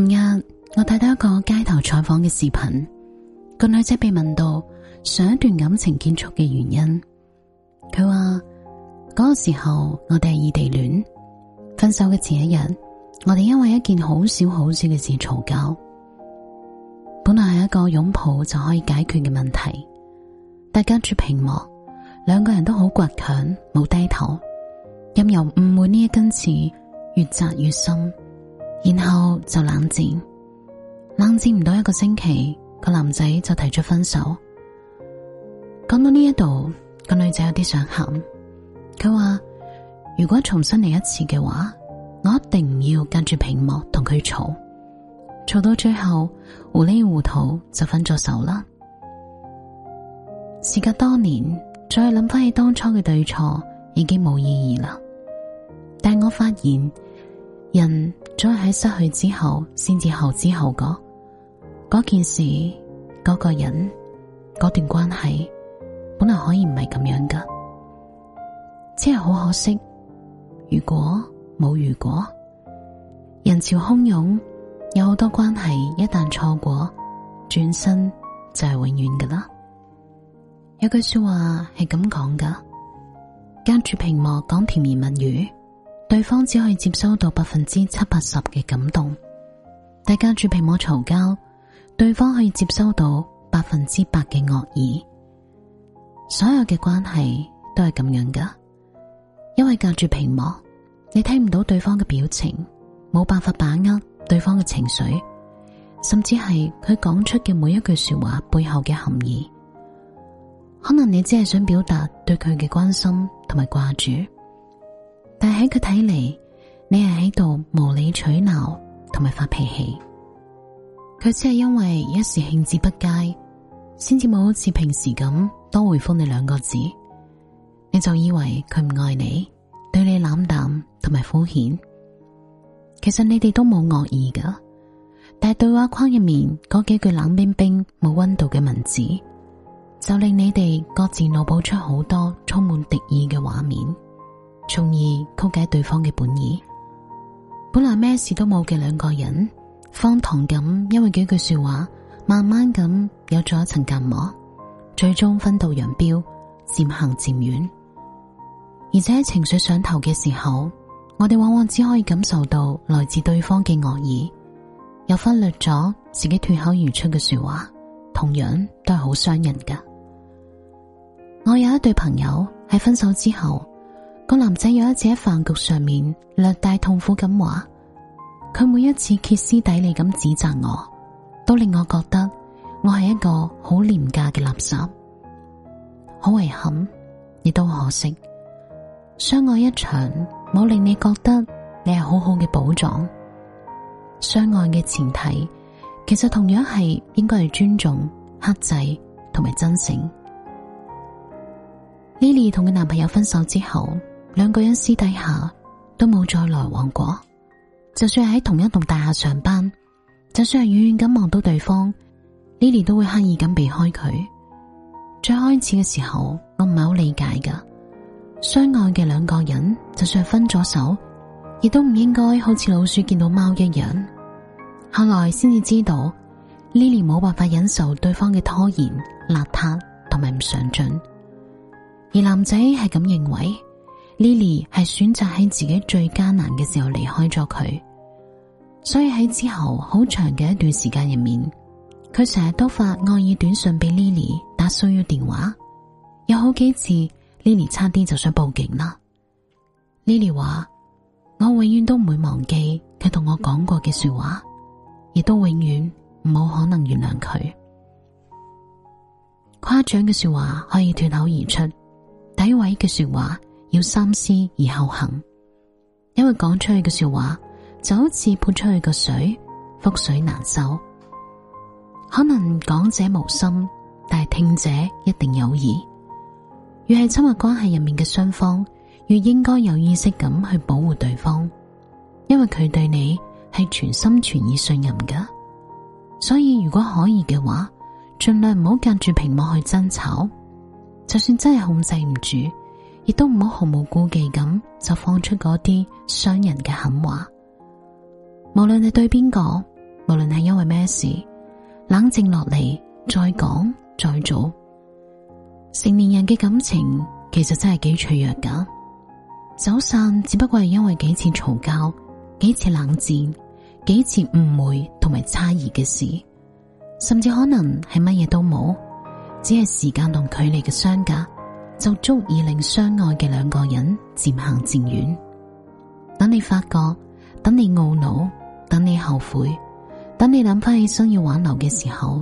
今日我睇到一個街頭採訪嘅視頻，個女仔被問到上一段感情結束嘅原因，佢話，嗰個時候我哋係異地戀，分手嘅前一日，我哋因為一件好少好少嘅事嘈交，本來係一個擁抱就可以解決嘅問題，大家住屏幕兩個人都好倔強，冇低頭，任由誤會呢一根刺越扎越深。然後就冷戰，冷戰唔到一個星期，個男仔就提出分手。講到呢一度，個女仔有啲想喊，佢話如果重新嚟一次嘅話我一定唔要隔住屏幕同佢吵，吵到最後糊裏糊塗就分咗手啦。事隔多年，再諗翻起當初嘅對錯，已經冇意義啦。但我發現，人總係喺失去之後，先至後知後覺。嗰件事、嗰、嗰個人、嗰段關係，本來可以唔係咁樣噶，只係好可惜。如果冇如果，人潮洶湧，有好多關係一旦錯過，轉身就係永遠噶啦。有句話說話係咁講噶，隔住屏幕講甜言蜜語。對方只可以接收到百分之七八十嘅感動，但隔住屏幕嘈交，對方可以接收到百分之百嘅惡意。所有嘅關係都係咁樣噶，因為隔住屏幕，你睇唔到對方嘅表情，冇辦法把握對方嘅情緒，甚至係佢講出嘅每一句說話背後嘅含義。可能你只係想表達對佢嘅關心同埋掛住。但喺佢睇嚟，你係喺度無理取鬧同埋發脾氣，佢只係因為一時興致不佳，先至冇好似平時咁多回復你兩個字。你就以為佢唔愛你，對你冷淡同埋敷衍。其實你哋都冇惡意噶，但係對話框入面嗰幾句冷冰冰冇溫度嘅文字，就令你哋各自腦補出好多充滿敵意嘅畫面。從而曲解對方嘅本意，本來咩事都冇嘅兩個人，荒唐咁因為幾句說話，慢慢咁有咗一層隔膜，最終分道揚鑣，漸行漸遠。而且喺情緒上頭嘅時候，我哋往往只可以感受到來自對方嘅惡意，又忽略咗自己脱口而出嘅說話，同樣都係好傷人噶。我有一對朋友喺分手之後。個男仔有一次喺飯局上面略帶痛苦咁話，佢每一次歇斯底里咁指責我，都令我覺得我係一個好廉價嘅垃圾。好遺憾，亦都可惜，相愛一場，冇令你覺得你係好好嘅寶藏。相愛嘅前提，其實同樣係應該係尊重、克制同埋真誠。Lily 同佢男朋友分手之後。兩個人私底下都冇再來往過，就算喺同一棟大廈上班，就算係遠遠咁望到對方 ，Lily 都會刻意咁避開佢。最開始嘅時候，我唔係好理解噶，相愛嘅兩個人，就算係分咗手，亦都唔應該好似老鼠見到貓一樣。後來先至知道，Lily 冇辦法忍受對方嘅拖延、邋遢同埋唔上進，而男仔係咁認為。Lily 係選擇喺自己最艱難嘅時候離開咗佢，所以喺之後好長嘅一段時間入面，佢成日都發愛意短信俾 Lily，打騷擾電話，有好幾次 Lily 差啲就想報警啦。Lily 話：我永遠都唔會忘記佢同我講過嘅說話，亦都永遠冇可能原諒佢。誇獎嘅說話可以脱口而出，詆毀嘅說話，要三思而後行，因為講出去嘅說話就好似潑出去嘅水，覆水難收。可能講者無心，但係聽者一定有意。越係親密關係入面嘅雙方，越應該有意識咁去保護對方，因為佢對你係全心全意信任㗎。所以如果可以嘅話，盡量唔好隔住屏幕去爭吵，就算真係控制唔住。亦都唔好毫無顧忌咁就放出嗰啲傷人嘅狠話。無論你對邊個，無論係因為咩事，冷靜落嚟，再講，再做。成年人嘅感情其實真係幾脆弱噶。走散只不過係因為幾次嘈交、幾次冷戰、幾次誤會同埋差異嘅事，甚至可能係乜嘢都冇，只係時間同距離嘅相隔。就足以令相愛嘅兩個人漸行漸遠。等你發覺，等你懊惱，等你後悔，等你諗翻起想要挽留嘅時候，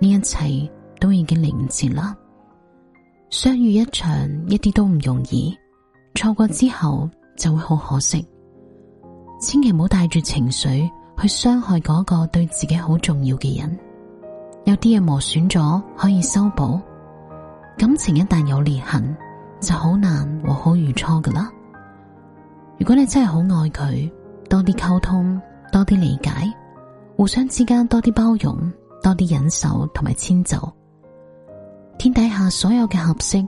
呢一切都已經嚟唔切啦。相遇一場一啲都唔容易，錯過之後就會好可惜。千祈唔好帶住情緒去傷害嗰個對自己好重要嘅人。有啲嘢磨損咗，可以修補。感情一旦有裂痕，就好難和好如初噶啦。如果你真係好愛佢，多啲溝通，多啲理解，互相之間多啲包容，多啲忍受同埋遷就，天底下所有嘅合適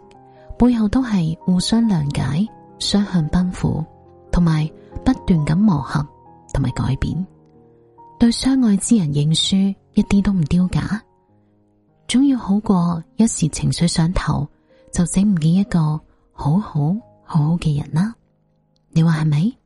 背後都係互相諒解、雙向奔赴，同埋不斷咁磨合同埋改變。對相愛之人認輸，一啲都唔丟架。總要好過一時情緒上頭，就整唔見一個好、好好好好嘅人啦。你話係咪？